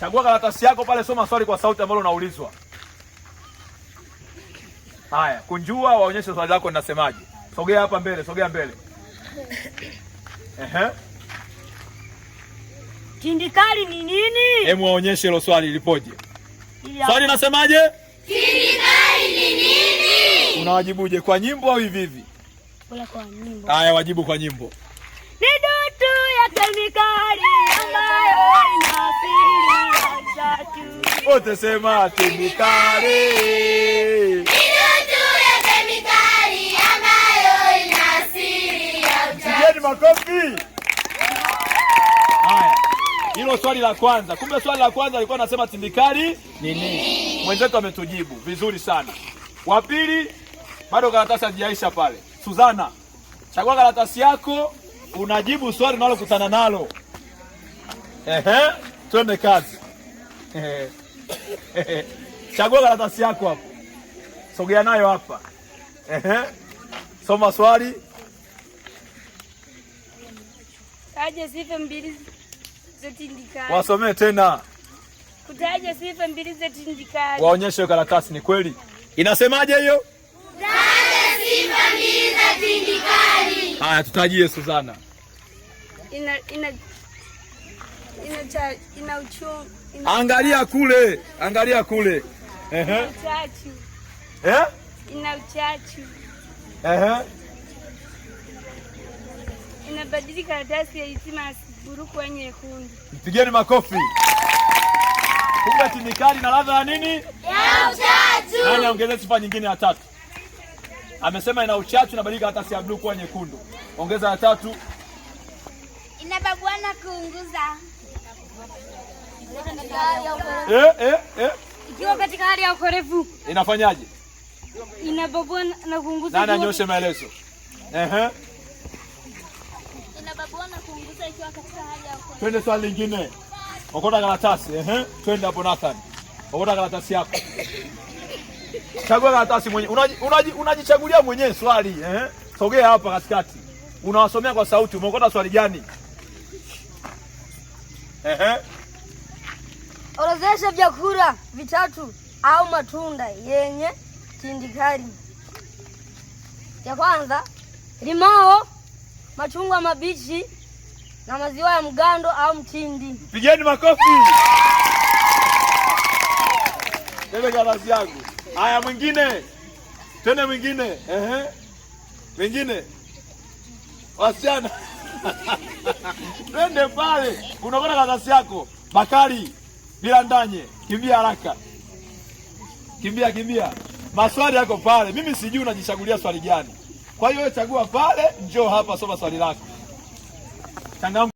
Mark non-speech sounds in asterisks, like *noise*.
Chagua karatasi yako pale, soma swali kwa sauti ambalo unaulizwa. Haya, kunjua, waonyeshe swali lako linasemaje. Sogea hapa mbele, sogea mbele. *coughs* Ehe. Tindikali ni nini? Hebu waonyeshe hilo swali lipoje. Swali linasemaje? Tindikali ni nini? Unawajibuje kwa nyimbo au hivi hivi? Kwa nyimbo. Haya, wajibu kwa nyimbo. Kemikali ambayo ina Wote sema kemikali. Makofi. Haya, hilo swali la kwanza. Kumbe swali la kwanza alikuwa anasema tindikali nini? Mwenzetu ametujibu vizuri sana. Wa pili bado karatasi hazijaisha pale. Suzana, chagua karatasi yako unajibu swali unalokutana nalo. Ehe, twende kazi. Chagua karatasi yako hapo, sogea nayo hapa. Ehe, soma swali. Taja sifa mbili zetindikazo. Wasomee tena. Kutaja sifa mbili zetindikazo. Waonyeshe karatasi, ni kweli inasemaje hiyo? Taja sifa mbili zetindikazo. Haya, tutajie Suzana ina, ina, ina, cha, ina uchungu. Ina angalia Kule angalia kule ina uchachu eh? Ina uchachu eh? Inabadili karatasi ya hitima asiburu kwa kundi. Mpigeni makofi. Kumbe tinikali na ladha ya nini? Ya uchachu. Nani ongeze sifa nyingine ya tatu? Amesema ina uchachu na badilika hata si ya blue kuwa nyekundu. Ongeza ya tatu. Inababwana kuunguza eh, eh, eh. Ikiwa katika hali ya ukorevu inafanyaje? Inababwana na kuunguza. Nani anyoshe maelezo? Ehe. Twende swali lingine. Okota karatasi. Ehe. Twende hapo Nathan. Okota karatasi yako. Chagua karatasi mwenyewe. Unajichagulia unaji, unaji mwenyewe swali. Ehe. Sogea hapa katikati. Unawasomea kwa sauti. Umeokota swali gani? Ehe. vyakura vyakula vitatu au matunda yenye tindikali. Ya kwanza limao, machungwa mabichi na maziwa ya mgando au mtindi. Pigeni makofi. Bebe galasi yangu. Haya, mwingine tena, mwingine. Ehe, mwingine wasichana twende pale, unakwenda kazi yako. Bakari bila ndanye, kimbia haraka, kimbia kimbia, maswali yako pale. Mimi sijui unajichagulia swali gani, kwa hiyo wewe chagua pale, njoo hapa, soma swali lako changamka.